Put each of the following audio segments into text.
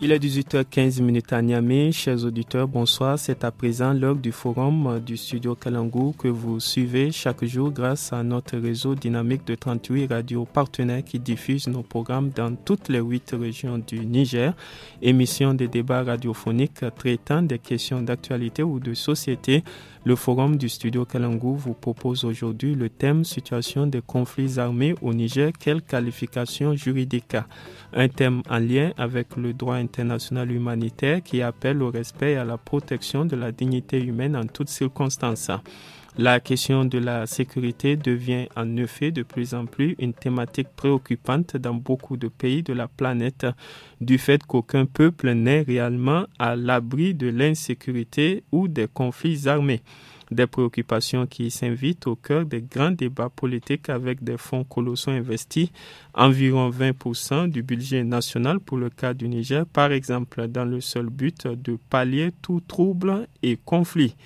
il est 18h15 à Niamey. Chers auditeurs, bonsoir. C'est à présent l'heure du forum euh, du studio Kalangou que vous suivez chaque jour grâce à notre réseau dynamique de 38 radios partenaires qui diffusent nos programmes dans toutes les huit régions du Niger. Émission de débats radiophoniques traitant des questions d'actualité ou de société le forum du studio Kalangou vous propose aujourd'hui le thème Situation des conflits armés au Niger, quelle qualification juridique Un thème en lien avec le droit international humanitaire qui appelle au respect et à la protection de la dignité humaine en toutes circonstances. La question de la sécurité devient en effet de plus en plus une thématique préoccupante dans beaucoup de pays de la planète du fait qu'aucun peuple n'est réellement à l'abri de l'insécurité ou des conflits armés. Des préoccupations qui s'invitent au cœur des grands débats politiques avec des fonds colossaux investis, environ 20% du budget national pour le cas du Niger, par exemple, dans le seul but de pallier tout trouble et conflit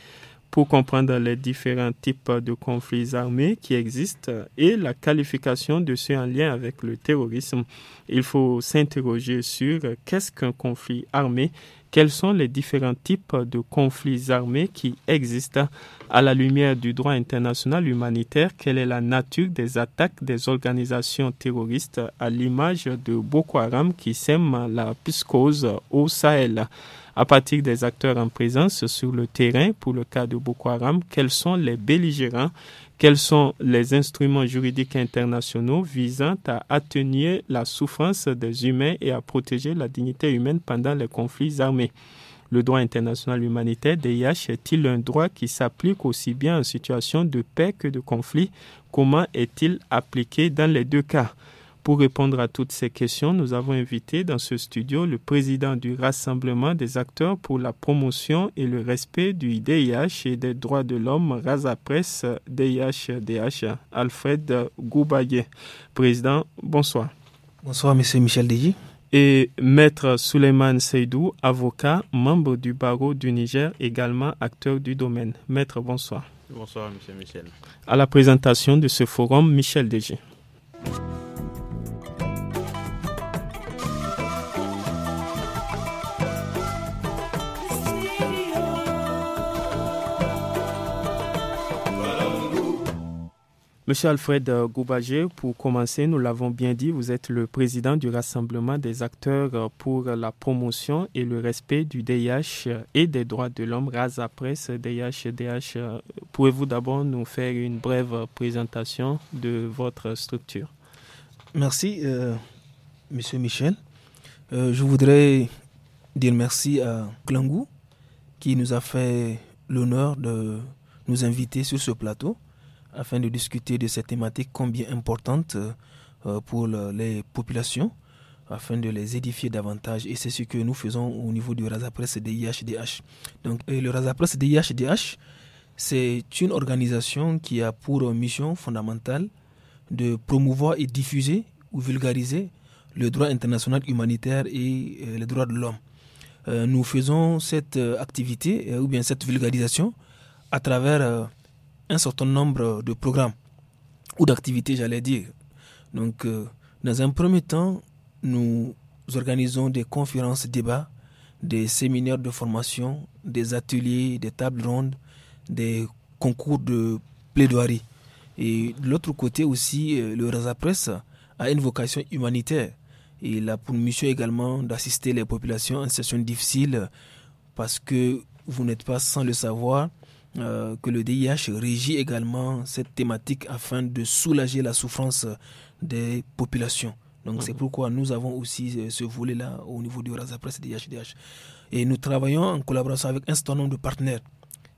pour comprendre les différents types de conflits armés qui existent et la qualification de ceux en lien avec le terrorisme. Il faut s'interroger sur qu'est-ce qu'un conflit armé, quels sont les différents types de conflits armés qui existent à la lumière du droit international humanitaire, quelle est la nature des attaques des organisations terroristes à l'image de Boko Haram qui sème la piscose au Sahel à partir des acteurs en présence sur le terrain pour le cas de Boko Haram, quels sont les belligérants, quels sont les instruments juridiques internationaux visant à atténuer la souffrance des humains et à protéger la dignité humaine pendant les conflits armés. Le droit international humanitaire, DIH, est-il un droit qui s'applique aussi bien en situation de paix que de conflit Comment est-il appliqué dans les deux cas pour répondre à toutes ces questions, nous avons invité dans ce studio le président du Rassemblement des acteurs pour la promotion et le respect du DIH et des droits de l'homme Raza Presse dih Alfred Goubaye. Président, bonsoir. Bonsoir, monsieur Michel Deji. Et maître Souleymane Seydou, avocat, membre du barreau du Niger, également acteur du domaine. Maître, bonsoir. Bonsoir, monsieur Michel. À la présentation de ce forum, Michel Deji. Monsieur Alfred euh, Goubagé, pour commencer, nous l'avons bien dit, vous êtes le président du Rassemblement des acteurs euh, pour la promotion et le respect du DIH euh, et des droits de l'homme, Raza Presse, DIH, DH. Pouvez-vous d'abord nous faire une brève présentation de votre structure Merci, Monsieur Michel. je voudrais dire merci à Klangou qui nous a fait l'honneur de nous inviter sur ce plateau afin de discuter de cette thématique combien importante euh, euh, pour les populations afin de les édifier davantage. Et c'est ce que nous faisons au niveau du Razapresse DIHDH. Donc, le Razapresse DIHDH, c'est une organisation qui a pour mission fondamentale de promouvoir et diffuser ou vulgariser le droit international humanitaire et euh, les droits de l'homme. Nous faisons cette activité ou bien cette vulgarisation à travers un certain nombre de programmes ou d'activités, j'allais dire. Donc, euh, dans un premier temps, nous organisons des conférences, débats, des séminaires de formation, des ateliers, des tables rondes, des concours de plaidoirie. Et de l'autre côté aussi, euh, le Raza Press a une vocation humanitaire. Il a pour mission également d'assister les populations en situation difficile parce que vous n'êtes pas sans le savoir, euh, que le DIH régit également cette thématique afin de soulager la souffrance des populations. Donc c'est mhm. pourquoi nous avons aussi euh, ce volet-là au niveau du Presse et DHDH. Et nous travaillons en collaboration avec un certain nombre de partenaires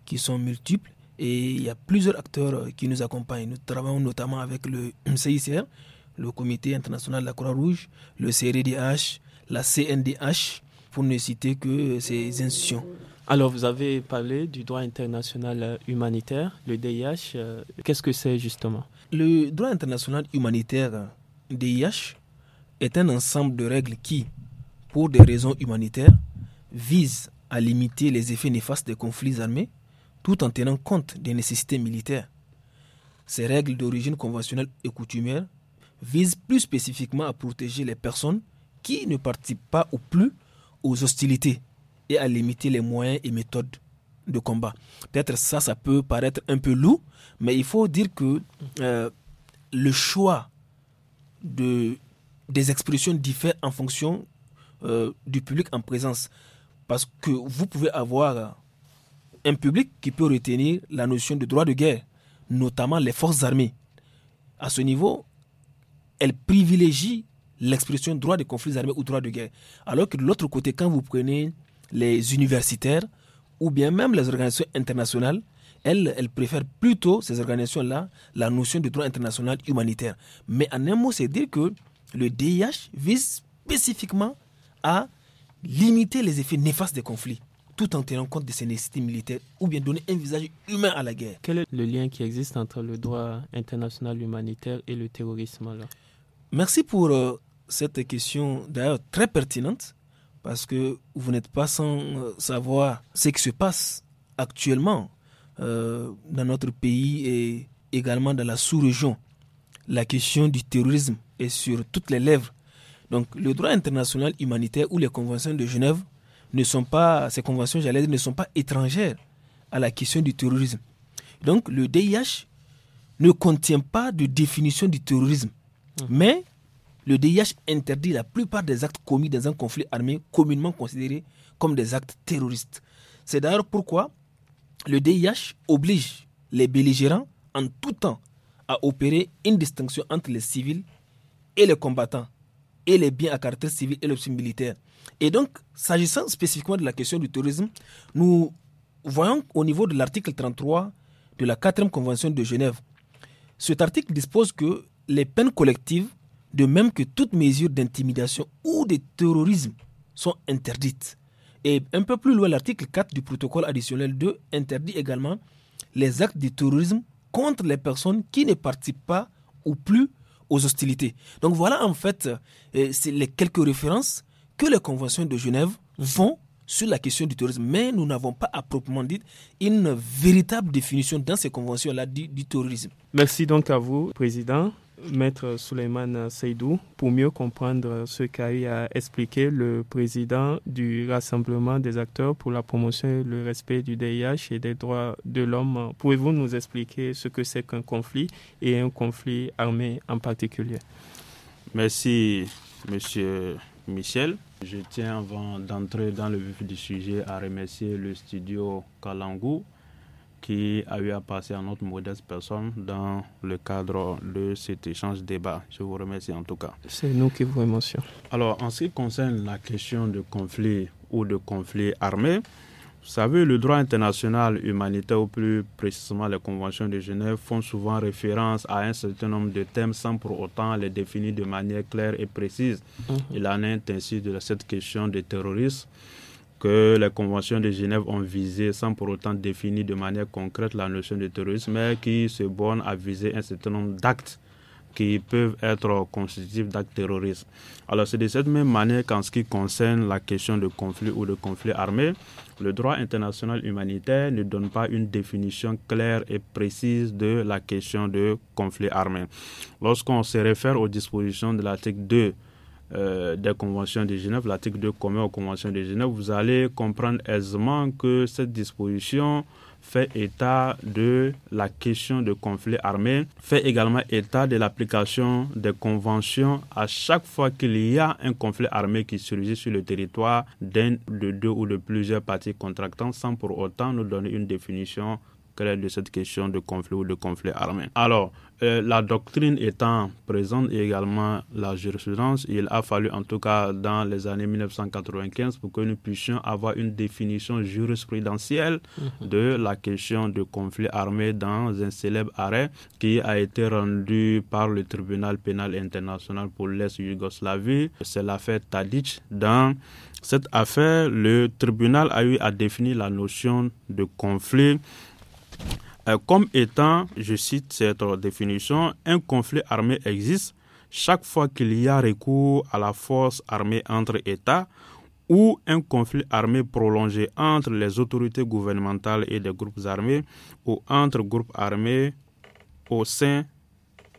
qui sont multiples et il y a plusieurs acteurs euh, qui nous accompagnent. Nous travaillons notamment avec le CICR, le Comité international de la Croix-Rouge, le CRDH, la CNDH, pour ne citer que ces institutions. Alors, vous avez parlé du droit international euh, humanitaire, le DIH. Euh, qu'est-ce que c'est justement Le droit international humanitaire, DIH, euh, est un ensemble de règles qui, pour des raisons humanitaires, visent à limiter les effets néfastes des conflits armés tout en tenant compte des nécessités militaires. Ces règles d'origine conventionnelle et coutumière visent plus spécifiquement à protéger les personnes qui ne participent pas ou plus aux hostilités et à limiter les moyens et méthodes de combat. Peut-être ça, ça peut paraître un peu lourd, mais il faut dire que euh, le choix de, des expressions diffère en fonction euh, du public en présence. Parce que vous pouvez avoir un public qui peut retenir la notion de droit de guerre, notamment les forces armées. À ce niveau, elle privilégie l'expression droit de conflits armés ou droit de guerre. Alors que de l'autre côté, quand vous prenez les universitaires ou bien même les organisations internationales, elles, préfèrent plutôt, ces organisations-là, la notion de droit international humanitaire. Mais en un mot, c'est dire que le DIH vise spécifiquement à limiter les effets néfastes des conflits tout en tenant compte de ses nécessités militaires ou bien donner un visage humain à la guerre. Quel est le lien qui existe entre le droit international humanitaire et le terrorisme alors Merci pour euh, cette question d'ailleurs très pertinente parce que vous n'êtes pas sans euh, savoir ce qui se passe actuellement euh, dans notre pays et également dans la sous-région. La question du terrorisme est sur toutes les lèvres. Donc le droit international humanitaire ou les conventions de Genève ne sont pas, ces conventions, j'allais dire, ne sont pas étrangères à la question du terrorisme. Donc le DIH ne contient pas de définition du terrorisme, mmh. mais le DIH interdit la plupart des actes commis dans un conflit armé communément considérés comme des actes terroristes. C'est d'ailleurs pourquoi le DIH oblige les belligérants en tout temps à opérer une distinction entre les civils et les combattants et les biens à caractère civil et l'option militaire. Et donc, s'agissant spécifiquement de la question du terrorisme, nous voyons au niveau de l'article 33 de la 4e Convention de Genève, cet article dispose que les peines collectives de même que toutes mesures d'intimidation ou de terrorisme sont interdites. Et un peu plus loin, l'article 4 du protocole additionnel 2 interdit également les actes de terrorisme contre les personnes qui ne participent pas ou plus aux hostilités. Donc voilà en fait euh, les quelques références que les conventions de Genève font sur la question du terrorisme. Mais nous n'avons pas à proprement dit une véritable définition dans ces conventions-là du, terrorisme. Merci donc à vous, Président. Maître Souleyman Seydou pour mieux comprendre ce qu'a eu à le président du Rassemblement des acteurs pour la promotion et le respect du DIH et des droits de l'homme. Pouvez-vous nous expliquer ce que c'est qu'un conflit et un conflit armé en particulier Merci, monsieur Michel. Je tiens avant d'entrer dans le vif du sujet à remercier le studio Kalangou qui a eu à passer à notre modeste personne dans le cadre de cet échange débat. Je vous remercie en tout cas. C'est nous qui vous remercions. Alors, en ce qui concerne la question de conflit ou de conflit armé, vous savez, le droit international humanitaire, ou plus précisément les conventions de Genève, font souvent référence à un certain nombre de thèmes sans pour autant les définir de manière claire et précise. Mmh. Il en est ainsi de cette question des terroristes que les conventions de Genève ont visé sans pour autant définir de manière concrète la notion de terrorisme, mais qui se bornent à viser un certain nombre d'actes qui peuvent être constitutifs d'actes terroristes. Alors c'est de cette même manière qu'en ce qui concerne la question de conflit ou de conflit armé, le droit international humanitaire ne donne pas une définition claire et précise de la question de conflit armé. Lorsqu'on se réfère aux dispositions de l'article 2 euh, des conventions de Genève, l'article 2 commun aux conventions de Genève, vous allez comprendre aisément que cette disposition fait état de la question de conflit armé, fait également état de l'application des conventions à chaque fois qu'il y a un conflit armé qui surgit sur le territoire d'un, de deux ou de plusieurs parties contractantes sans pour autant nous donner une définition de cette question de conflit ou de conflit armé. Alors, euh, la doctrine étant présente et également la jurisprudence, il a fallu en tout cas dans les années 1995 pour que nous puissions avoir une définition jurisprudentielle mhm. de la question de conflit armé dans un célèbre arrêt qui a été rendu par le tribunal pénal international pour l'Est Yougoslavie. C'est l'affaire Tadic. Dans cette affaire, le tribunal a eu à définir la notion de conflit euh, comme étant, je cite cette définition, un conflit armé existe chaque fois qu'il y a recours à la force armée entre États ou un conflit armé prolongé entre les autorités gouvernementales et des groupes armés ou entre groupes armés au sein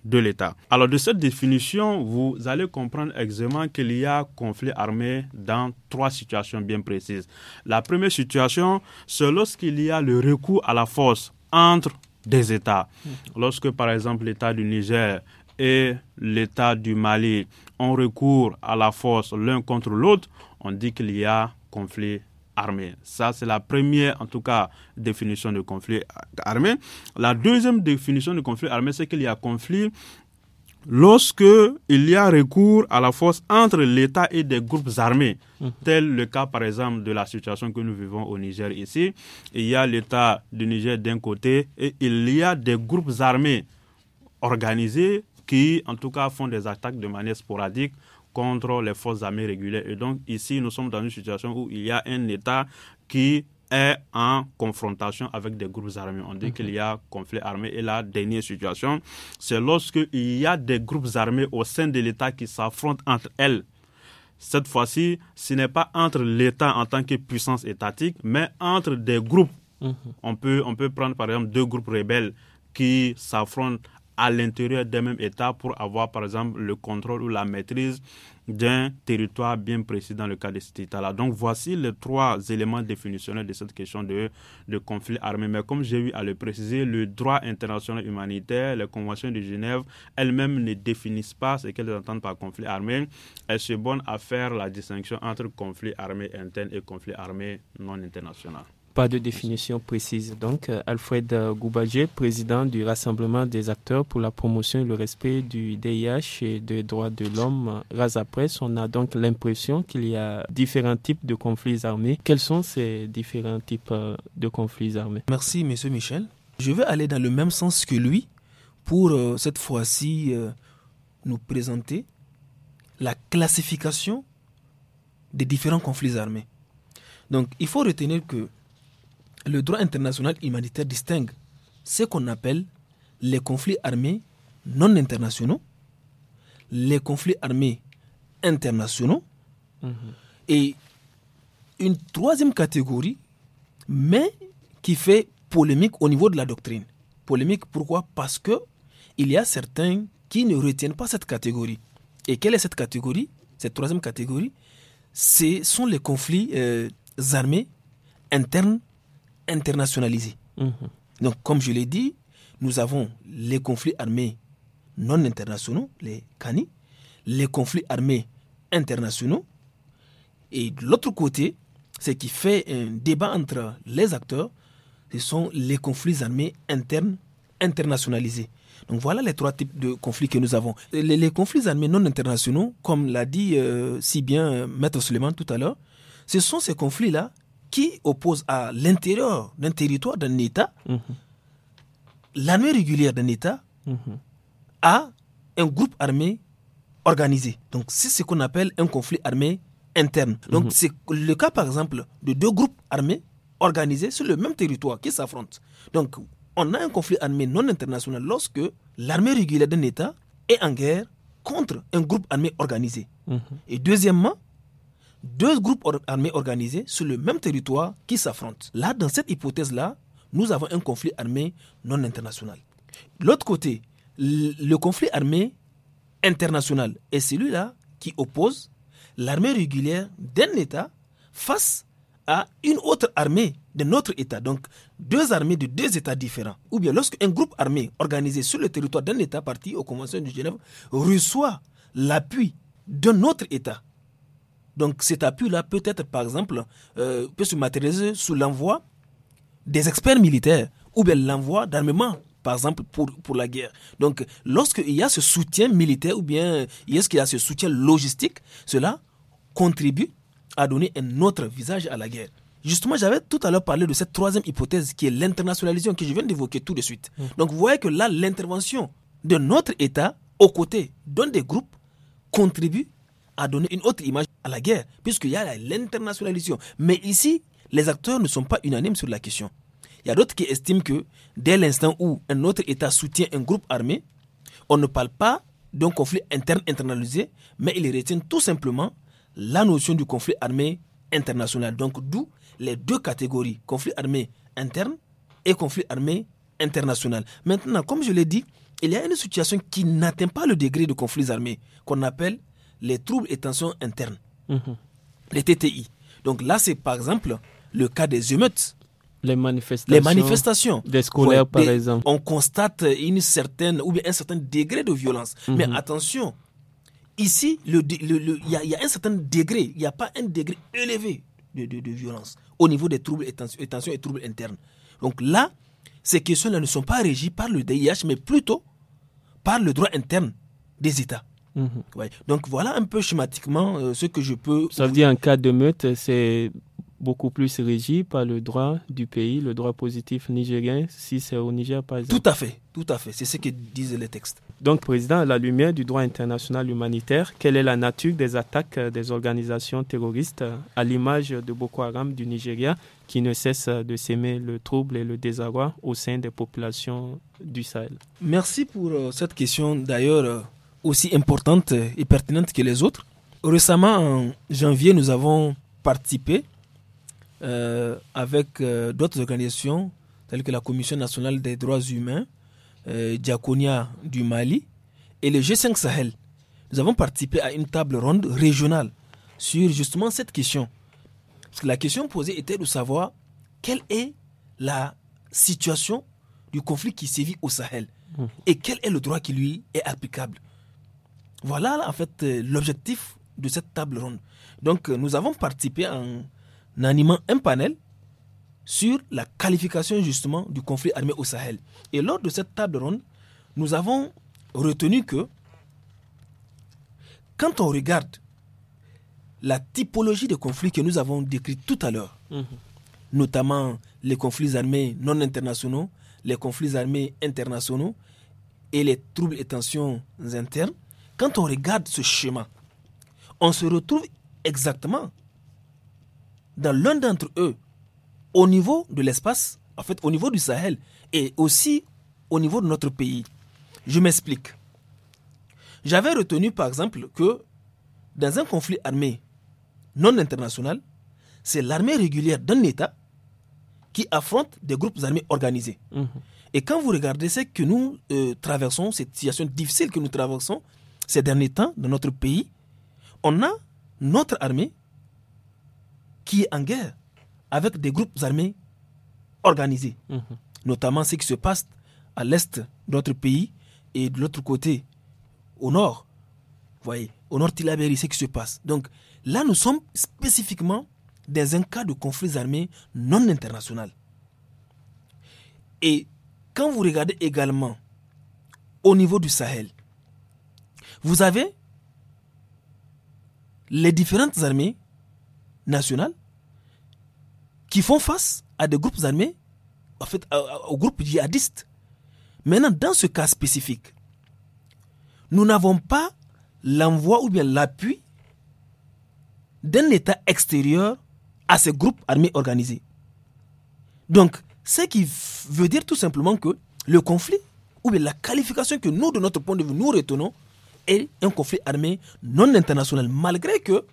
de l'État. Alors de cette définition, vous allez comprendre exactement qu'il y a conflit armé dans trois situations bien précises. La première situation, c'est lorsqu'il y a le recours à la force entre des États. Mhm. Lorsque par exemple l'État du Niger et l'État du Mali ont recours à la force l'un contre l'autre, on dit qu'il y a conflit armée. Ça, c'est la première, en tout cas, définition de conflit armé. La deuxième définition de conflit armé, c'est qu'il y a conflit lorsque il y a recours à la force entre l'État et des groupes armés, mmh. tel le cas par exemple de la situation que nous vivons au Niger ici. Il y a l'État du Niger d'un côté et il y a des groupes armés organisés qui, en tout cas, font des attaques de manière sporadique contre les forces armées régulières. Et donc ici, nous sommes dans une situation où il y a un État qui est en confrontation avec des groupes armés. On dit qu'il y a conflit armé. Et la dernière situation, c'est lorsque il y a des groupes armés au sein de l'État qui s'affrontent entre elles. Cette fois-ci, ce n'est pas entre l'État en tant que puissance étatique, mais entre des groupes. Mhm. On, peut, on peut prendre par exemple deux groupes rebelles qui s'affrontent à l'intérieur d'un même État pour avoir, par exemple, le contrôle ou la maîtrise d'un territoire bien précis dans le cas de cet État-là. Donc voici les trois éléments définitionnels de cette question de, de conflit armé. Mais comme j'ai eu à le préciser, le droit international humanitaire, les conventions de Genève elles-mêmes ne définissent pas ce qu'elles entendent par conflit armé. Elles se bornent à faire la distinction entre conflit armé interne et conflit armé non international. Pas de définition précise. Donc, euh, Alfred euh, Goubadier, président du Rassemblement des acteurs pour la promotion et le respect du DIH et des droits de l'homme, euh, Razapresse, on a donc l'impression qu'il y a différents types de conflits armés. Quels sont ces différents types de conflits armés Merci, monsieur Michel. Je vais aller dans le même sens que lui pour cette fois-ci nous présenter la classification des différents conflits armés. Donc il faut retenir que le droit international humanitaire distingue ce qu'on appelle les conflits armés non internationaux, les conflits armés internationaux, mhm. et une troisième catégorie, mais qui fait polémique au niveau de la doctrine. Polémique pourquoi Parce que il y a certains qui ne retiennent pas cette catégorie. Et quelle est cette catégorie Cette troisième catégorie, ce sont les conflits euh, armés internes internationalisé. Mhm. Donc, comme je l'ai dit, nous avons les conflits armés non internationaux, les CANI, les conflits armés internationaux. Et de l'autre côté, ce qui fait un débat entre les acteurs, ce sont les conflits armés internes internationalisés. Donc voilà les trois types de conflits que nous avons. Les, conflits armés non internationaux, comme l'a dit euh, si bien euh, Maître Suleiman tout à l'heure, ce sont ces conflits-là qui oppose à l'intérieur d'un territoire, d'un État, mhm. l'armée régulière d'un État mhm. a à un groupe armé organisé. Donc c'est ce qu'on appelle un conflit armé interne. Donc mhm. c'est le cas par exemple de deux groupes armés organisés sur le même territoire qui s'affrontent. Donc on a un conflit armé non international lorsque l'armée régulière d'un État est en guerre contre un groupe armé organisé. Et deuxièmement, deux groupes armés organisés sur le même territoire qui s'affrontent. Là, dans cette hypothèse-là, nous avons un conflit armé non international. L'autre côté, le conflit armé international est celui-là qui oppose l'armée régulière d'un État face à une autre armée d'un autre État. Donc, deux armées de deux États différents. Ou bien lorsque un groupe armé organisé sur le territoire d'un État parti aux conventions de Genève reçoit l'appui d'un autre État donc cet appui-là peut être, par exemple, euh, peut se matérialiser sous l'envoi des experts militaires ou bien l'envoi d'armement, par exemple, pour, pour la guerre. Donc lorsqu'il y a ce soutien militaire ou bien il y a ce soutien logistique, cela contribue à donner un autre visage à la guerre. Justement, j'avais tout à l'heure parlé de cette troisième hypothèse qui est l'internationalisation que je viens d'évoquer tout de suite. Mm. Donc vous voyez que là, l'intervention de notre État aux côtés d'un des groupes contribue a donné une autre image à la guerre, puisqu'il y a l'internationalisation. Mais ici, les acteurs ne sont pas unanimes sur la question. Il y a d'autres qui estiment que dès l'instant où un autre État soutient un groupe armé, on ne parle pas d'un conflit interne internalisé, mais ils retiennent tout simplement la notion du conflit armé international. Donc d'où les deux catégories, conflit armé interne et conflit armé international. Maintenant, comme je l'ai dit, il y a une situation qui n'atteint pas le degré de conflits armés, qu'on appelle les troubles et tensions internes, mhm. les TTI. Donc là, c'est par exemple le cas des émeutes. Les manifestations, Des scolaires, par exemple. On constate une certaine, ou bien un certain degré de violence. Mhm. Mais attention, ici, il y, a un certain degré, il n'y a pas un degré élevé de, violence au niveau des troubles et tensions, et, tensions et troubles internes. Donc là, ces questions-là ne sont pas régies par le DIH, mais plutôt par le droit interne des États. Mmh. Donc voilà un peu schématiquement euh, ce que je peux... Ça veut dire en cas de meute, c'est beaucoup plus régi par le droit du pays, le droit positif nigérien, si c'est au Niger par exemple. Tout à fait, tout à fait, c'est ce que disent les textes. Donc, Président, à la lumière du droit international humanitaire, quelle est la nature des attaques euh, des organisations terroristes euh, à l'image de Boko Haram du Nigeria qui ne cesse de s'aimer le trouble et le désarroi au sein des populations du Sahel Merci pour cette question. D'ailleurs, aussi importante et pertinente que les autres. Récemment, en janvier, nous avons participé euh, avec euh, d'autres organisations telles que la Commission nationale des droits humains, euh, Diaconia du Mali et le G5 Sahel. Nous avons participé à une table ronde régionale sur justement cette question. Parce que la question posée était de savoir quelle est la situation du conflit qui sévit au Sahel mmh. et quel est le droit qui lui est applicable. Voilà en fait euh, l'objectif de cette table ronde. Donc euh, nous avons participé en, animant un panel sur la qualification justement du conflit armé au Sahel. Et lors de cette table ronde, nous avons retenu que quand on regarde la typologie de conflits que nous avons décrits tout à l'heure, mhm. notamment les conflits armés non internationaux, les conflits armés internationaux et les troubles et tensions internes, quand on regarde ce chemin, on se retrouve exactement dans l'un d'entre eux, au niveau de l'espace, en fait au niveau du Sahel, et aussi au niveau de notre pays. Je m'explique. J'avais retenu par exemple que dans un conflit armé non international, c'est l'armée régulière d'un État qui affronte des groupes armés organisés. Mhm. Et quand vous regardez ce que nous euh, traversons, cette situation difficile que nous traversons, ces derniers temps dans notre pays, on a notre armée qui est en guerre avec des groupes armés organisés, mhm. notamment ce qui se passe à l'est de notre pays et de l'autre côté, au nord. Vous voyez, au nord Tilaberi, ce qui se passe. Donc là, nous sommes spécifiquement dans un cas de conflit armés non international. Et quand vous regardez également au niveau du Sahel, vous avez les différentes armées nationales qui font face à des groupes armés, en fait, aux groupes djihadistes. Maintenant, dans ce cas spécifique, nous n'avons pas l'envoi ou bien l'appui d'un État extérieur à ces groupes armés organisés. Donc, ce qui veut dire tout simplement que le conflit, ou bien la qualification que nous, de notre point de vue, nous retenons, et un conflit armé non international, malgré que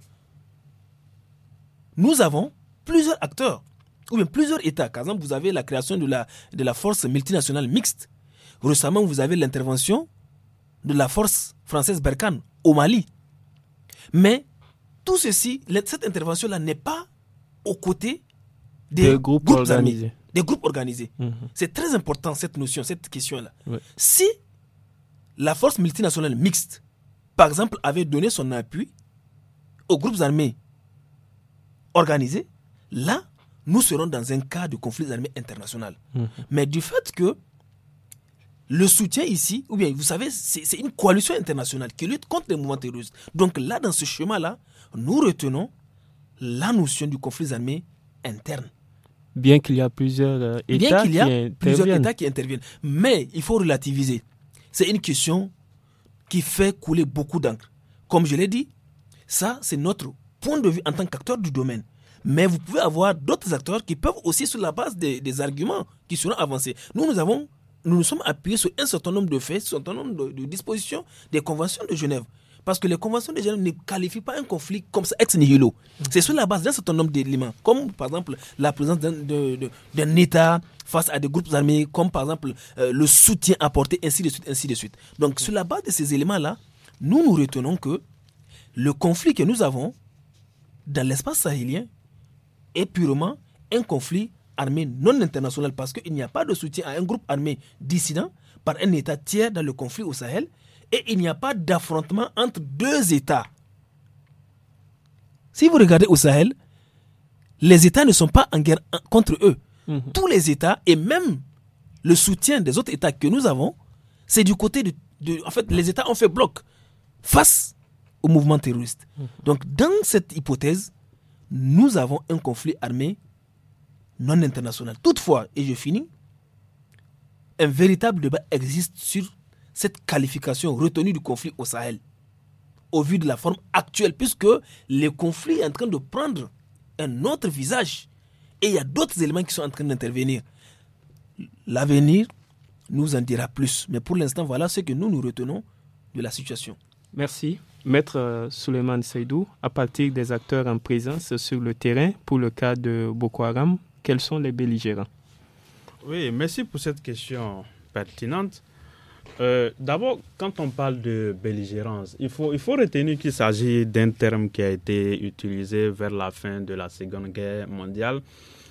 nous avons plusieurs acteurs, ou bien plusieurs États. Par exemple, vous avez la création de la, de la force multinationale mixte. Récemment, vous avez l'intervention de la force française Berkane au Mali. Mais tout ceci, cette intervention-là n'est pas aux côtés des, groupes, organisés. Des groupes organisés. Mhm. C'est très important cette notion, cette question-là. Si la force multinationale mixte, par exemple, avait donné son appui aux groupes armés organisés, là, nous serons dans un cas de conflit armé international. Mhm. Mais du fait que le soutien ici, ou bien vous savez, c'est une coalition internationale qui lutte contre les mouvements terroristes. Donc là, dans ce chemin là nous retenons la notion du conflit armé interne. Bien qu'il y a plusieurs, euh, y a plusieurs États qui interviennent. Mais il faut relativiser c'est une question qui fait couler beaucoup d'encre. Comme je l'ai dit, ça, c'est notre point de vue en tant qu'acteur du domaine. Mais vous pouvez avoir d'autres acteurs qui peuvent aussi, sur la base des, arguments qui seront avancés. Nous, nous avons, nous nous sommes appuyés sur un certain nombre de faits, sur un certain nombre de, dispositions des conventions de Genève. Parce que les conventions de Genève ne qualifient pas un conflit comme ça ex nihilo. C'est sur la base d'un certain nombre d'éléments, comme par exemple la présence d'un État, face à des groupes armés, comme par exemple euh, le soutien apporté, ainsi de suite, ainsi de suite. Donc, sur la base de ces éléments-là, nous nous retenons que le conflit que nous avons dans l'espace sahélien est purement un conflit armé non international parce qu'il n'y a pas de soutien à un groupe armé dissident par un État tiers dans le conflit au Sahel et il n'y a pas d'affrontement entre deux États. Si vous regardez au Sahel, les États ne sont pas en guerre contre eux. Mhm. Tous les États et même le soutien des autres États que nous avons, c'est du côté de, En fait, les États ont fait bloc face au mouvement terroriste. Mhm. Donc, dans cette hypothèse, nous avons un conflit armé non international. Toutefois, et je finis, un véritable débat existe sur cette qualification retenue du conflit au Sahel, au vu de la forme actuelle, puisque le conflit est en train de prendre un autre visage et il y a d'autres éléments qui sont en train d'intervenir. L'avenir nous en dira plus. Mais pour l'instant, voilà ce que nous nous retenons de la situation. Merci. Maître euh, Suleiman Seydou, à partir des acteurs en présence sur le terrain pour le cas de Boko Haram, quels sont les belligérants Oui, merci pour cette question pertinente. Euh, d'abord, quand on parle de belligérance, il faut, il faut retenir qu'il s'agit d'un terme qui a été utilisé vers la fin de la Seconde Guerre mondiale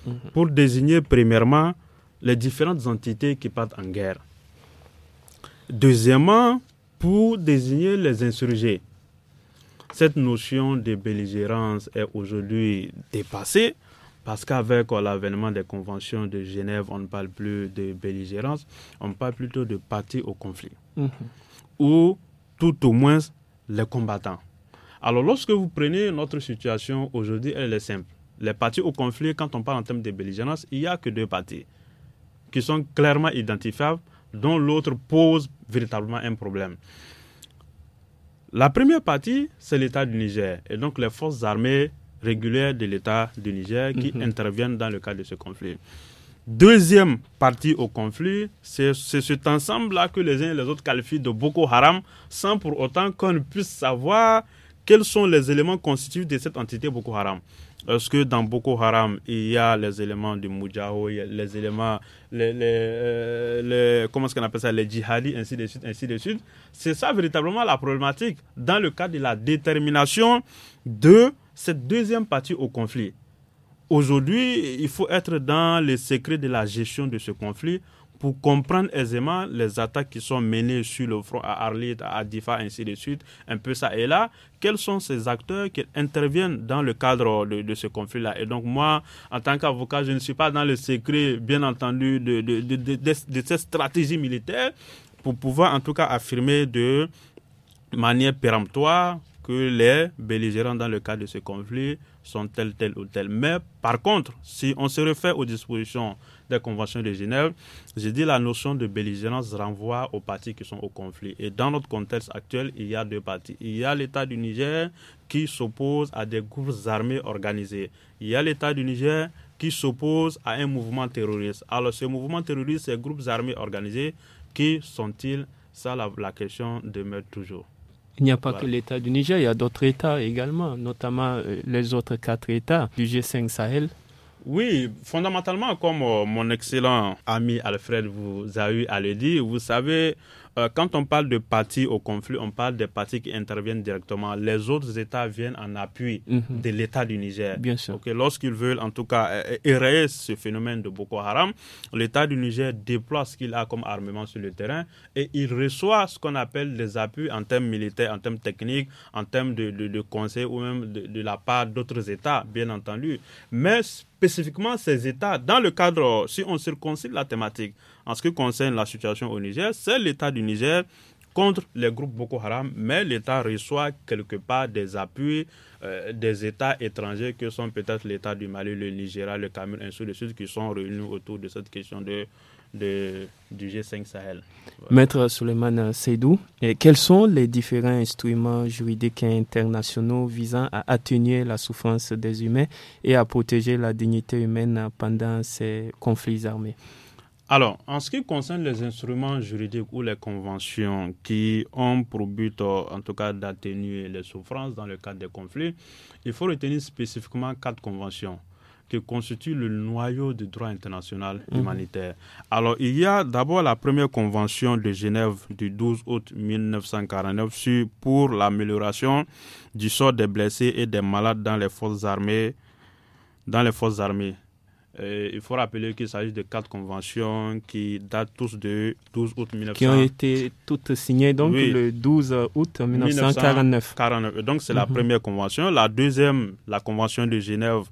mhm. pour désigner premièrement les différentes entités qui partent en guerre. Deuxièmement, pour désigner les insurgés. Cette notion de belligérance est aujourd'hui dépassée parce qu'avec l'avènement des conventions de Genève, on ne parle plus de belligérance, on parle plutôt de partie au conflit. Mhm. Ou tout au moins les combattants. Alors lorsque vous prenez notre situation aujourd'hui, elle est simple. Les parties au conflit, quand on parle en termes de belligérance, il n'y a que deux parties qui sont clairement identifiables, dont l'autre pose véritablement un problème. La première partie, c'est l'État du Niger et donc les forces armées régulière de l'État du Niger qui mhm. interviennent dans le cadre de ce conflit. Deuxième partie au conflit, c'est cet ensemble-là que les uns et les autres qualifient de Boko Haram, sans pour autant qu'on puisse savoir quels sont les éléments constitutifs de cette entité Boko Haram. Est-ce que dans Boko Haram, il y a les éléments du Mujaho, les éléments, euh, les, comment est-ce qu'on appelle ça, les djihadis, ainsi de suite, ainsi de suite. C'est ça véritablement la problématique dans le cadre de la détermination de cette deuxième partie au conflit. Aujourd'hui, il faut être dans les secrets de la gestion de ce conflit pour comprendre aisément les attaques qui sont menées sur le front à Arlit, à Adifa, ainsi de suite, un peu ça et là, quels sont ces acteurs qui interviennent dans le cadre de, ce conflit-là. Et donc moi, en tant qu'avocat, je ne suis pas dans le secret, bien entendu, de, de, de cette stratégie militaire pour pouvoir en tout cas affirmer de manière péremptoire que les belligérants dans le cadre de ce conflit sont tels, tels ou tels. Mais par contre, si on se réfère aux dispositions des conventions de Genève, j'ai dit la notion de belligérance renvoie aux parties qui sont au conflit. Et dans notre contexte actuel, il y a deux parties. Il y a l'État du Niger qui s'oppose à des groupes armés organisés. Il y a l'État du Niger qui s'oppose à un mouvement terroriste. Alors ce mouvement terroriste, ces groupes armés organisés, qui sont-ils Ça, la question demeure toujours. Il n'y a pas que l'État du Niger, il y a d'autres États également, notamment euh, les autres quatre États du G5 Sahel. Oui, fondamentalement, comme euh, mon excellent ami Alfred vous a eu à le dire, vous savez, euh, quand on parle de parties au conflit, on parle des parties qui interviennent directement. Les autres États viennent en appui mhm. de l'État du Niger. Bien sûr. Lorsqu'ils veulent, en tout cas, érayer ce phénomène de Boko Haram, l'État du Niger déploie ce qu'il a comme armement sur le terrain et il reçoit ce qu'on appelle des appuis en termes militaires, en termes techniques, en termes de, de, conseils ou même de, de la part d'autres États, bien entendu. Mais spécifiquement ces États, dans le cadre, si on circoncile la thématique en ce qui concerne la situation au Niger, c'est l'État du Niger contre les groupes Boko Haram, mais l'État reçoit quelque part des appuis euh, des États étrangers que sont peut-être l'État du Mali, le Nigeria, le Cameroun, ainsi de suite, qui sont réunis autour de cette question de du G5 Sahel. Maître Souleymane Seydou, quels sont les différents instruments juridiques internationaux visant à atténuer la souffrance des humains et à protéger la dignité humaine pendant ces conflits armés alors, en ce qui concerne les instruments juridiques ou les conventions qui ont pour but, euh, en tout cas, d'atténuer les souffrances dans le cadre des conflits, il faut retenir spécifiquement quatre conventions qui constitue le noyau du droit international mhm. humanitaire. Alors, il y a d'abord la première convention de Genève du 12 août 1949 sur, pour l'amélioration du sort des blessés et des malades dans les forces armées. Dans les forces armées. Euh, il faut rappeler qu'il s'agit de quatre conventions qui datent tous de 12 août 1949. Qui ont été toutes signées donc le 12 août 1949. Donc c'est la mhm. première convention. La deuxième, la convention de Genève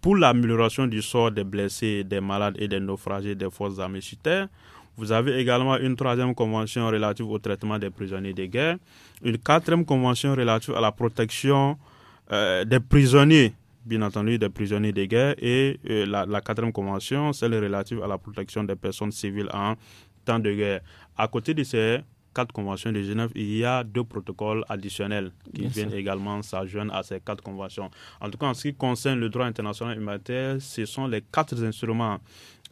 pour l'amélioration du sort des blessés, des malades et des naufragés des forces armées terre. Vous avez également une troisième convention relative au traitement des prisonniers de guerre, une quatrième convention relative à la protection euh, des prisonniers, bien entendu, des prisonniers de guerre, et euh, la, quatrième convention, celle relative à la protection des personnes civiles en temps de guerre. À côté de ces quatre conventions de Genève, il y a deux protocoles additionnels qui viennent également s'ajouter à ces quatre conventions. En tout cas, en ce qui concerne le droit international humanitaire, ce sont les quatre instruments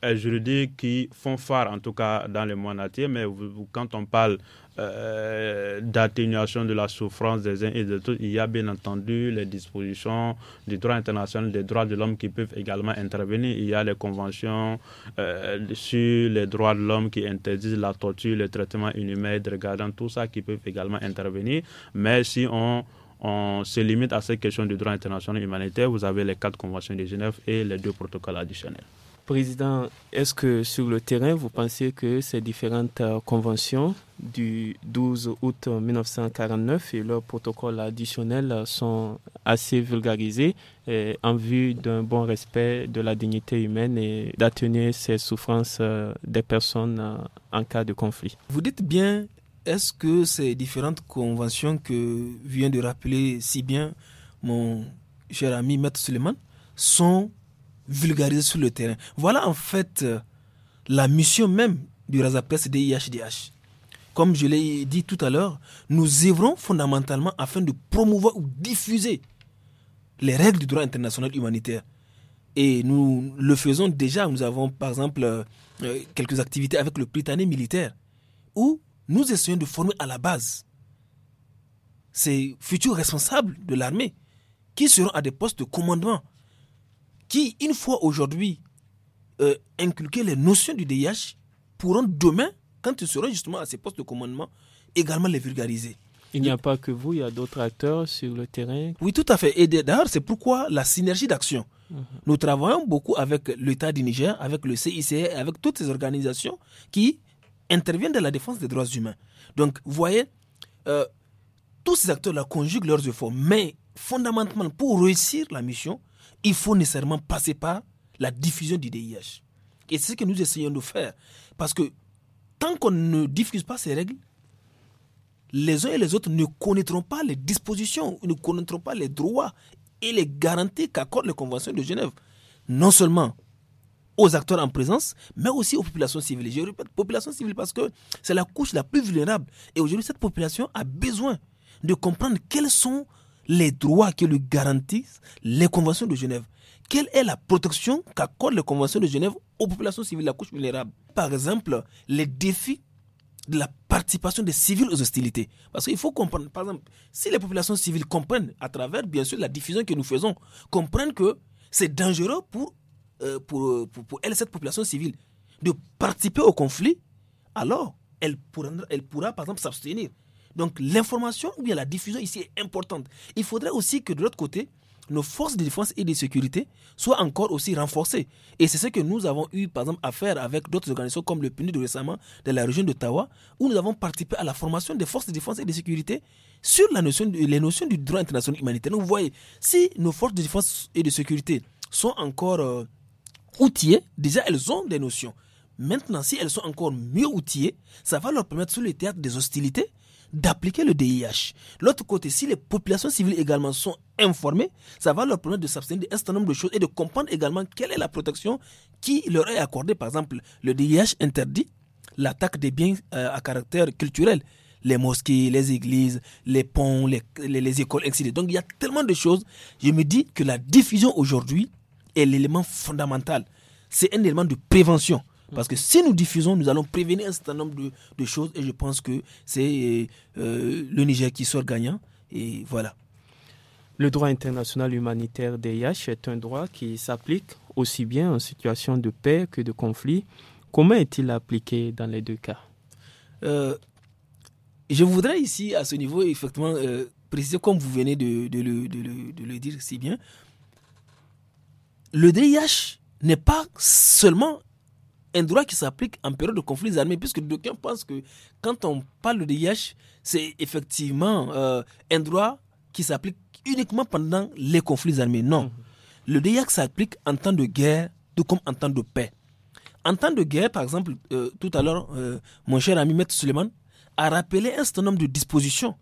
euh, juridiques qui font phare, en tout cas dans les mois natifs. Mais quand on parle euh, d'atténuation de la souffrance des uns et des autres, il y a bien entendu les dispositions du droit international des droits de l'homme qui peuvent également intervenir. Il y a les conventions euh, sur les droits de l'homme qui interdisent la torture, le traitement inhumain, regardant tout ça qui peuvent également intervenir. Mais si on se limite à ces questions du droit international humanitaire, vous avez les quatre conventions de Genève et les deux protocoles additionnels. Président, est-ce que sur le terrain, vous pensez que ces différentes euh, conventions du 12 août 1949 et leurs protocoles additionnels sont assez vulgarisés en vue d'un bon respect de la dignité humaine et d'atténuer ces souffrances euh, des personnes euh, en cas de conflit Vous dites bien, est-ce que ces différentes conventions que vient de rappeler si bien mon cher ami Maître Suleiman sont vulgariser sur le terrain. Voilà en fait euh, la mission même du Razapès DIHDH. Comme je l'ai dit tout à l'heure, nous œuvrons fondamentalement afin de promouvoir ou diffuser les règles du droit international humanitaire. Et nous le faisons déjà. Nous avons par exemple euh, euh, quelques activités avec le Britannique militaire où nous essayons de former à la base ces futurs responsables de l'armée qui seront à des postes de commandement qui, une fois aujourd'hui euh, les notions du DIH, pourront demain, quand ils seront justement à ces postes de commandement, également les vulgariser. Il n'y a pas que vous, il y a d'autres acteurs sur le terrain. Oui, tout à fait. Et d'ailleurs, c'est pourquoi la synergie d'action. Mhm. Nous travaillons beaucoup avec l'État du Niger, avec le CICE, avec toutes ces organisations qui interviennent dans la défense des droits humains. Donc, vous voyez, euh, tous ces acteurs-là conjuguent leurs efforts, mais fondamentalement, pour réussir la mission, il faut nécessairement passer par la diffusion du DIH. Et c'est ce que nous essayons de faire. Parce que tant qu'on ne diffuse pas ces règles, les uns et les autres ne connaîtront pas les dispositions, ne connaîtront pas les droits et les garanties qu'accordent les Convention de Genève. Non seulement aux acteurs en présence, mais aussi aux populations civiles. Je répète, population civile parce que c'est la couche la plus vulnérable. Et aujourd'hui, cette population a besoin de comprendre quelles sont les droits qui lui garantissent les conventions de Genève. Quelle est la protection qu'accordent les conventions de Genève aux populations civiles, la couche vulnérable Par exemple, les défis de la participation des civils aux hostilités. Parce qu'il faut comprendre, par exemple, si les populations civiles comprennent, à travers bien sûr la diffusion que nous faisons, comprennent que c'est dangereux pour, euh, pour, euh, pour, cette population civile, de participer au conflit, alors elle pourra, elle pourra par exemple s'abstenir. Donc l'information ou bien la diffusion ici est importante. Il faudrait aussi que de l'autre côté, nos forces de défense et de sécurité soient encore aussi renforcées. Et c'est ce que nous avons eu, par exemple, à faire avec d'autres organisations comme le PNUD récemment de la région d'Ottawa, où nous avons participé à la formation des forces de défense et de sécurité sur la notion les notions du droit international humanitaire. Donc, vous voyez, si nos forces de défense et de sécurité sont encore euh, outillées, déjà elles ont des notions. Maintenant, si elles sont encore mieux outillées, ça va leur permettre sur le théâtre des hostilités d'appliquer le DIH. L'autre côté, si les populations civiles également sont informées, ça va leur permettre de s'abstenir d'un certain nombre de choses et de comprendre également quelle est la protection qui leur est accordée. Par exemple, le DIH interdit l'attaque des biens euh, à caractère culturel les mosquées, les églises, les ponts, les, les écoles, etc. Donc il y a tellement de choses. Je me dis que la diffusion aujourd'hui est l'élément fondamental. C'est un élément de prévention. Parce que si nous diffusons, nous allons prévenir un certain nombre de, choses et je pense que c'est euh, le Niger qui sort gagnant. Et voilà. Le droit international humanitaire des est un droit qui s'applique aussi bien en situation de paix que de conflit. Comment est-il appliqué dans les deux cas euh, Je voudrais ici, à ce niveau, effectivement, euh, préciser, comme vous venez de, de, le, de le dire si bien, le DIH n'est pas seulement un droit qui s'applique en période de conflits armés, puisque d'aucuns pensent que quand on parle de IH, c'est effectivement euh, un droit qui s'applique uniquement pendant les conflits armés. Non. Mm-hmm. Le DIAC s'applique en temps de guerre, tout comme en temps de paix. En temps de guerre, par exemple, euh, tout à l'heure, euh, mon cher ami Maître Suleiman a rappelé un certain nombre de dispositions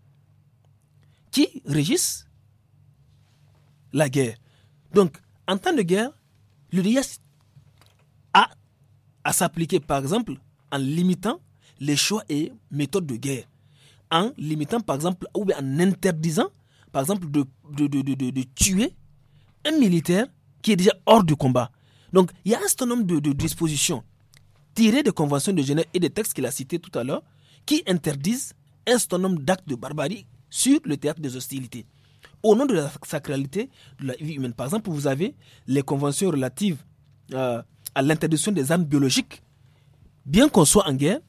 qui régissent la guerre. Donc, en temps de guerre, le DIAC à s'appliquer, par exemple, en limitant les choix et méthodes de guerre, en limitant, par exemple, ou en interdisant, par exemple, de, de, tuer un militaire qui est déjà hors du combat. Donc, il y a un certain nombre de, dispositions tirées des conventions de Genève et des textes qu'il a cités tout à l'heure qui interdisent un certain nombre d'actes de barbarie sur le théâtre des hostilités. Au nom de la sacralité de la vie humaine, par exemple, vous avez les conventions relatives euh, à l'interdiction des armes biologiques, bien qu'on soit en guerre,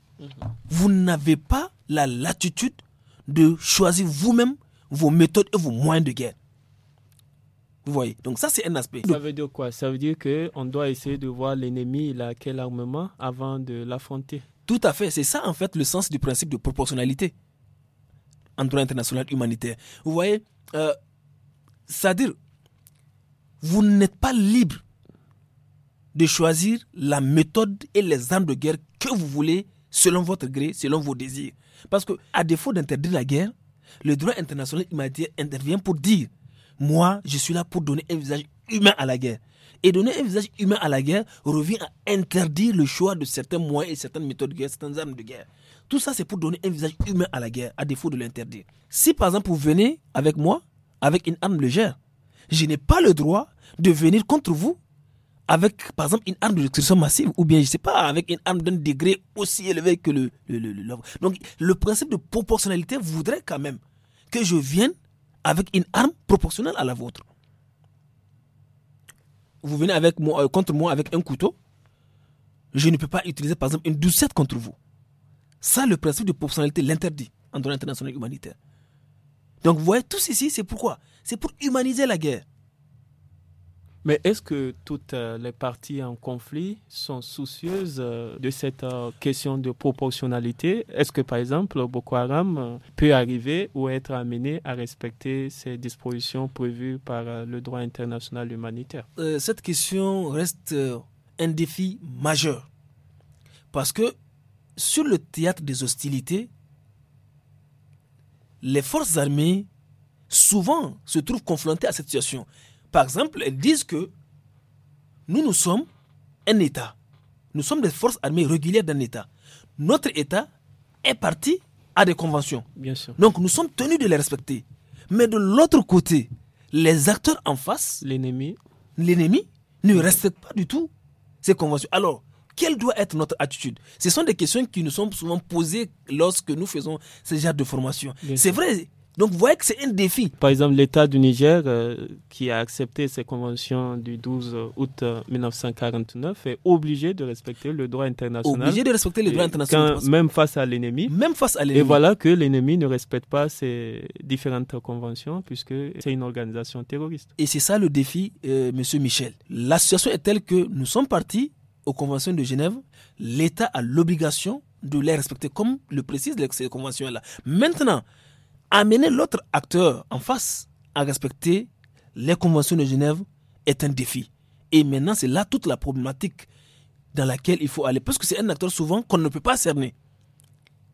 vous n'avez pas la latitude de choisir vous-même vos méthodes et vos moyens de guerre. Vous voyez Donc ça, c'est un aspect. Ça veut dire quoi Ça veut dire qu'on doit essayer de voir l'ennemi, il a quel armement avant de l'affronter. Tout à fait. C'est ça, en fait, le sens du principe de proportionnalité en droit international humanitaire. Vous voyez euh, C'est-à-dire, vous n'êtes pas libre de choisir la méthode et les armes de guerre que vous voulez selon votre gré, selon vos désirs. Parce que à défaut d'interdire la guerre, le droit international humanitaire intervient pour dire moi, je suis là pour donner un visage humain à la guerre. Et donner un visage humain à la guerre revient à interdire le choix de certains moyens et certaines méthodes de guerre, certaines armes de guerre. Tout ça, c'est pour donner un visage humain à la guerre, à défaut de l'interdire. Si par exemple vous venez avec moi, avec une arme légère, je n'ai pas le droit de venir contre vous avec, par exemple, une arme de destruction massive, ou bien, je sais pas, avec une arme d'un degré aussi élevé que le, le, le, Donc, le principe de proportionnalité voudrait quand même que je vienne avec une arme proportionnelle à la vôtre. Vous venez avec moi, euh, contre moi avec un couteau, je ne peux pas utiliser, par exemple, une doucette contre vous. Ça, le principe de proportionnalité l'interdit en droit international humanitaire. Donc, vous voyez, tout ceci, c'est pourquoi C'est pour humaniser la guerre. Mais est-ce que toutes euh, les parties en conflit sont soucieuses euh, de cette euh, question de proportionnalité Est-ce que, par exemple, Boko Haram peut arriver ou être amené à respecter ces dispositions prévues par le droit international humanitaire Cette question reste un défi majeur. Parce que sur le théâtre des hostilités, les forces armées souvent se trouvent confrontées à cette situation par exemple, elles disent que nous, nous sommes un État. Nous sommes des forces armées régulières d'un État. Notre État est parti à des conventions. Bien sûr. Donc nous sommes tenus de les respecter. Mais de l'autre côté, les acteurs en face, l'ennemi, l'ennemi ne respectent pas du tout ces conventions. Alors, quelle doit être notre attitude Ce sont des questions qui nous sont souvent posées lorsque nous faisons ce genre de formation. C'est vrai, donc vous voyez que c'est un défi. Par exemple, l'État du Niger, euh, qui a accepté ces conventions du 12 août 1949, euh, est obligé de respecter le droit international. Obligé de respecter le droit international. même face à l'ennemi. Même face à l'ennemi. Et voilà que l'ennemi ne respecte pas ces différentes conventions, puisque c'est une organisation terroriste. Et c'est ça le défi, M. Euh, Monsieur Michel. La situation est telle que nous sommes partis aux conventions de Genève. L'État a l'obligation de les respecter, comme le précise ces conventions-là. Maintenant, amener l'autre acteur en face à respecter les conventions de Genève est un défi. Et maintenant, c'est là toute la problématique dans laquelle il faut aller. Parce que c'est un acteur souvent qu'on ne peut pas cerner.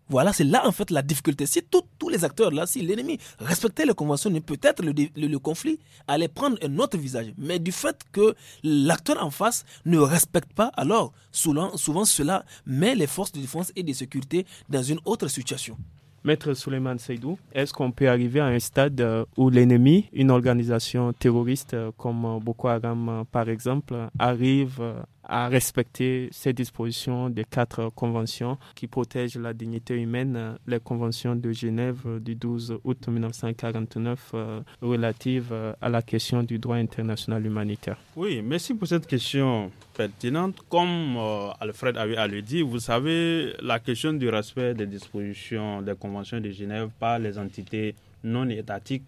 Voilà, c'est là en fait la difficulté. Si tous les acteurs, là, si l'ennemi respectait les conventions, peut-être le, conflit allait prendre un autre visage. Mais du fait que l'acteur en face ne respecte pas, alors souvent cela met les forces de défense et de sécurité dans une autre situation. Maître Souleymane Seydou, est-ce qu'on peut arriver à un stade euh, où l'ennemi, une organisation terroriste euh, comme Boko Haram euh, par exemple, arrive à respecter ces dispositions des quatre conventions qui protègent la dignité humaine, euh, les conventions de Genève euh, du 12 août 1949 euh, relatives à la question du droit international humanitaire. Oui, merci pour cette question pertinente. Comme Alfred avait à le dit vous savez, la question du respect des dispositions des conventions de Genève par les entités non étatiques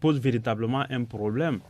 pose véritablement un problème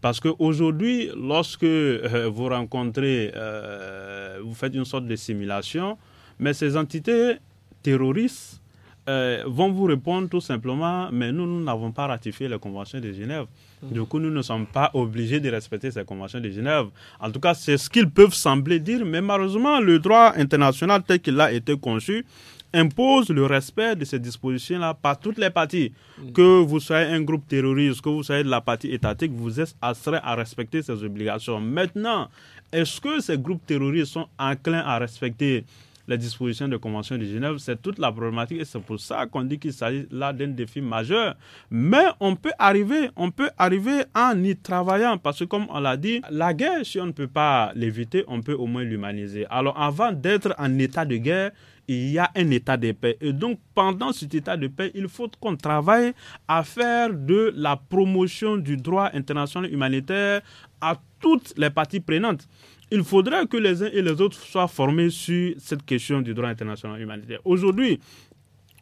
parce qu'aujourd'hui, lorsque euh, vous rencontrez, euh, vous faites une sorte de simulation, mais ces entités terroristes euh, vont vous répondre tout simplement, mais nous, nous n'avons pas ratifié la Convention de Genève. Hmm. Du coup, nous ne sommes pas obligés de respecter cette Convention de Genève. En tout cas, c'est ce qu'ils peuvent sembler dire, mais malheureusement, le droit international tel qu'il a été conçu, impose le respect de ces dispositions-là par toutes les parties. Mm. Que vous soyez un groupe terroriste, que vous soyez de la partie étatique, vous êtes astreint à respecter ces obligations. Maintenant, est-ce que ces groupes terroristes sont enclins à respecter les dispositions de la Convention de Genève. C'est toute la problématique et c'est pour ça qu'on dit qu'il s'agit là d'un défi majeur. Mais on peut arriver, on peut arriver en y travaillant parce que comme on l'a dit, la guerre, si on ne peut pas l'éviter, on peut au moins l'humaniser. Alors avant d'être en état de guerre, il y a un état de paix. Et donc, pendant cet état de paix, il faut qu'on travaille à faire de la promotion du droit international humanitaire à toutes les parties prenantes il faudra que les uns et les autres soient formés sur cette question du droit international humanitaire. Aujourd'hui,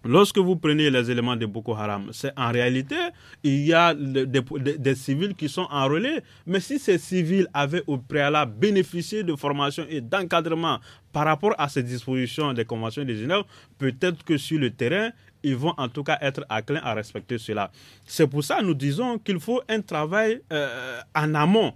Lorsque vous prenez les éléments de Boko Haram, c'est en réalité, il y a des, civils qui sont enrôlés, Mais si ces civils avaient au préalable bénéficié de formation et d'encadrement par rapport à ces dispositions des conventions de Genève, peut-être que sur le terrain, ils vont en tout cas être acclins à respecter cela. C'est pour ça que nous disons qu'il faut un travail euh, en amont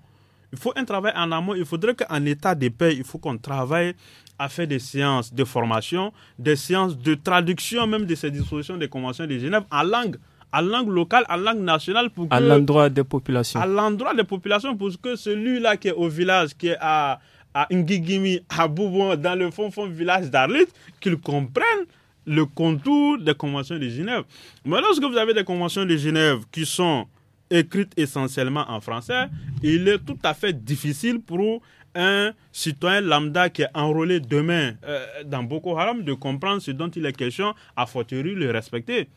il faut un travail en amont. Il faudrait qu'en état de paix, il faut qu'on travaille à faire des séances de formation, des séances de traduction même de ces dispositions des conventions de Genève en langue en langue locale, en langue nationale pour que, à l'endroit des populations. À l'endroit des populations pour que celui-là qui est au village, qui est à, à Ngigimi, à Boubon, dans le fond fond village d'Arlit, qu'il comprenne le contour des conventions de Genève. Mais lorsque vous avez des conventions de Genève qui sont écrite essentiellement en français, il est tout à fait difficile pour un citoyen lambda qui est enrôlé demain euh, dans Boko Haram de comprendre ce dont il est question, à fortiori le respecter.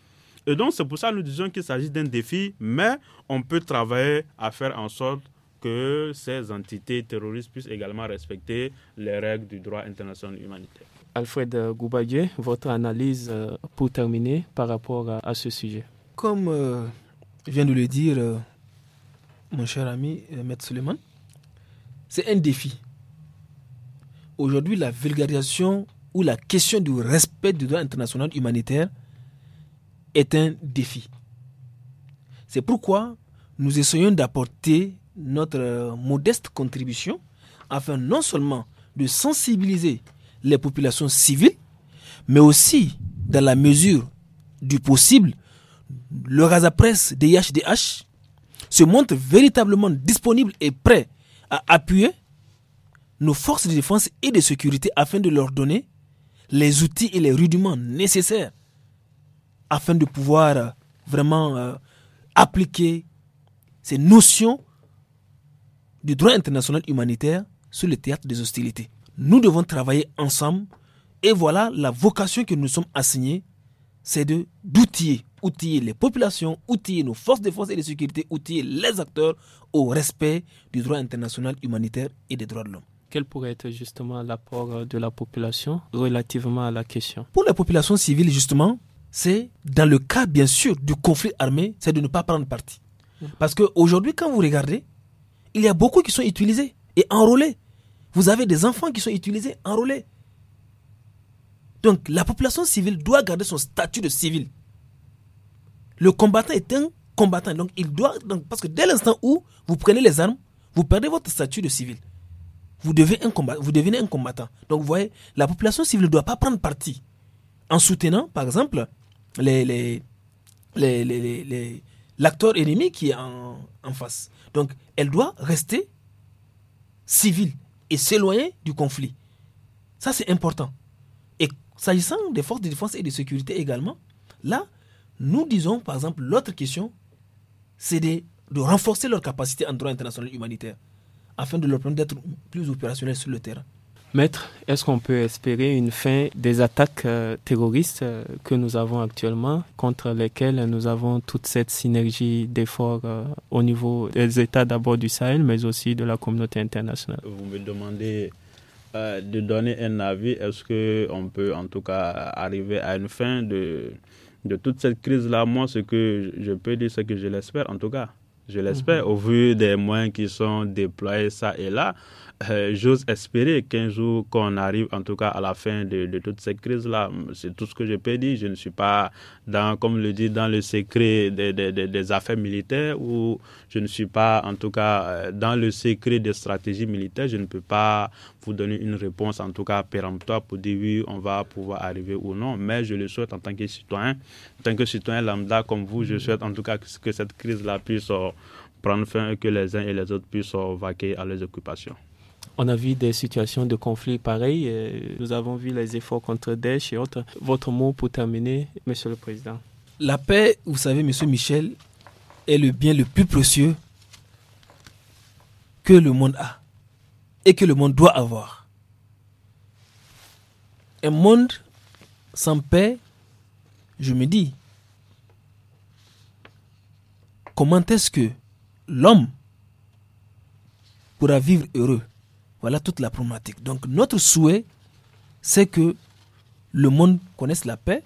Et donc c'est pour ça que nous disons qu'il s'agit d'un défi, mais on peut travailler à faire en sorte que ces entités terroristes puissent également respecter les règles du droit international humanitaire. Alfred Goubadier, votre analyse euh, pour terminer par rapport à, ce sujet. Comme euh, je viens de le dire euh, mon cher ami euh, Maître c'est un défi. Aujourd'hui, la vulgarisation ou la question du respect du droit international humanitaire est un défi. C'est pourquoi nous essayons d'apporter notre euh, modeste contribution afin non seulement de sensibiliser les populations civiles, mais aussi, dans la mesure du possible, le Press, Press HDH se montre véritablement disponible et prêt à appuyer nos forces de défense et de sécurité afin de leur donner les outils et les rudiments nécessaires afin de pouvoir euh, vraiment euh, appliquer ces notions du droit international humanitaire sur le théâtre des hostilités. Nous devons travailler ensemble et voilà la vocation que nous sommes assignés c'est de d'outiller, outiller les populations, outiller nos forces de défense et de sécurité, outiller les acteurs au respect du droit international humanitaire et des droits de l'homme. Quel pourrait être justement l'apport euh, de la population relativement à la question Pour la population civile, justement, c'est dans le cas, bien sûr, du conflit armé, c'est de ne pas prendre parti. Mm. Parce qu'aujourd'hui, quand vous regardez, il y a beaucoup qui sont utilisés et enrôlés. Vous avez des enfants qui sont utilisés, enrôlés. Donc la population civile doit garder son statut de civil. Le combattant est un combattant. Donc il doit parce que dès l'instant où vous prenez les armes, vous perdez votre statut de civil. Vous devenez un combattant. combattant. Donc vous voyez, la population civile ne doit pas prendre parti en soutenant, par exemple, les les l'acteur ennemi qui est en face. Donc elle doit rester civile et s'éloigner du conflit. Ça c'est important. S'agissant des forces de défense et de sécurité également, là, nous disons par exemple l'autre question, c'est de, renforcer leur capacité en droit international humanitaire afin de leur permettre d'être plus opérationnels sur le terrain. Maître, est-ce qu'on peut espérer une fin des attaques euh, terroristes euh, que nous avons actuellement, contre lesquelles nous avons toute cette synergie d'efforts euh, au niveau des États d'abord du Sahel, mais aussi de la communauté internationale Vous me demandez euh, de donner un avis, est-ce qu'on peut en tout cas arriver à une fin de, de toute cette crise-là Moi, ce que je peux dire, c'est que je l'espère en tout cas. Je l'espère, mhm. au vu des moyens qui sont déployés ça et là. Euh, j'ose espérer qu'un jour qu'on arrive en tout cas à la fin de, toute cette crise-là. C'est tout ce que je peux dire. Je ne suis pas, dans, comme le dit, dans le secret des, des affaires militaires ou je ne suis pas en tout cas euh, dans le secret des stratégies militaires. Je ne peux pas vous donner une réponse en tout cas péremptoire pour dire oui, on va pouvoir arriver ou non. Mais je le souhaite en tant que citoyen, en tant que citoyen lambda comme vous, je souhaite en tout cas que cette crise-là puisse euh, prendre fin et que les uns et les autres puissent vaquer à leurs occupations. On a vu des situations de conflit pareilles. Euh, nous avons vu les efforts contre Daesh et autres. Votre mot pour terminer, Monsieur le Président. La paix, vous savez, Monsieur Michel, est le bien le plus précieux que le monde a et que le monde doit avoir. Un monde sans paix, je me dis, comment est-ce que l'homme pourra vivre heureux voilà toute la problématique. Donc notre souhait, c'est que le monde connaisse la paix,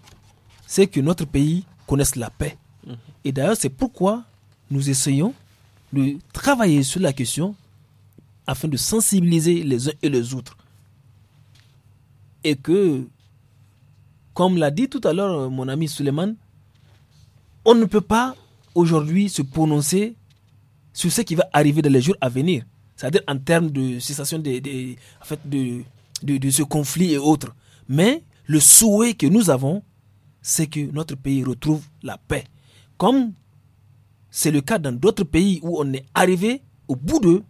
c'est que notre pays connaisse la paix. Mhm. Et d'ailleurs, c'est pourquoi nous essayons de travailler sur la question afin de sensibiliser les uns et les autres. Et que, comme l'a dit tout à l'heure euh, mon ami Suleiman, on ne peut pas aujourd'hui se prononcer sur ce qui va arriver dans les jours à venir c'est-à-dire en termes de cessation de, de, fait de, de ce conflit et autres. Mais le souhait que nous avons, c'est que notre pays retrouve la paix. Comme c'est le cas dans d'autres pays où on est arrivé au bout de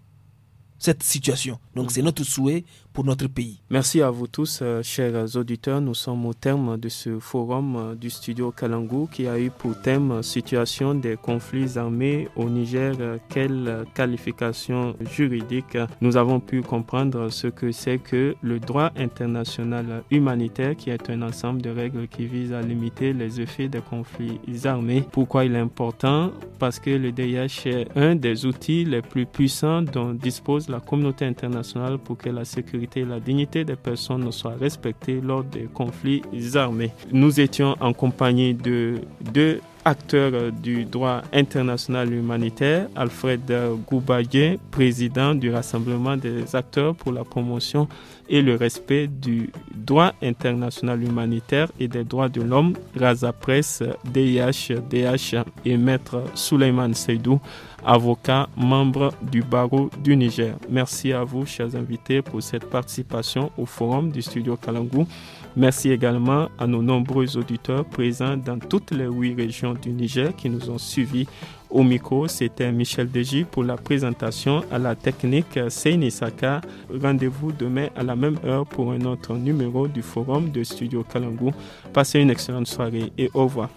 cette situation. Donc c'est notre souhait pour notre pays. Merci à vous tous, euh, chers auditeurs. Nous sommes au terme de ce forum euh, du studio Kalangou qui a eu pour thème euh, Situation des conflits armés au Niger. Quelle qualification juridique Nous avons pu comprendre ce que c'est que le droit international humanitaire qui est un ensemble de règles qui vise à limiter les effets des conflits armés. Pourquoi il est important Parce que le DIH est un des outils les plus puissants dont dispose la communauté internationale pour que la sécurité et la dignité des personnes soient respectées lors des conflits armés. Nous étions en compagnie de deux acteurs du droit international humanitaire, Alfred Goubaye, président du Rassemblement des acteurs pour la promotion et le respect du droit international humanitaire et des droits de l'homme, Raza Presse, DIH, DH et Maître Souleyman Seydou, avocat, membre du barreau du Niger. Merci à vous, chers invités, pour cette participation au forum du studio Kalangou. Merci également à nos nombreux auditeurs présents dans toutes les huit régions du Niger qui nous ont suivis au micro, c'était Michel Deji pour la présentation à la technique euh, Seine Rendez-vous demain à la même heure pour un autre numéro du forum de Studio Kalangou. Passez une excellente soirée et au revoir.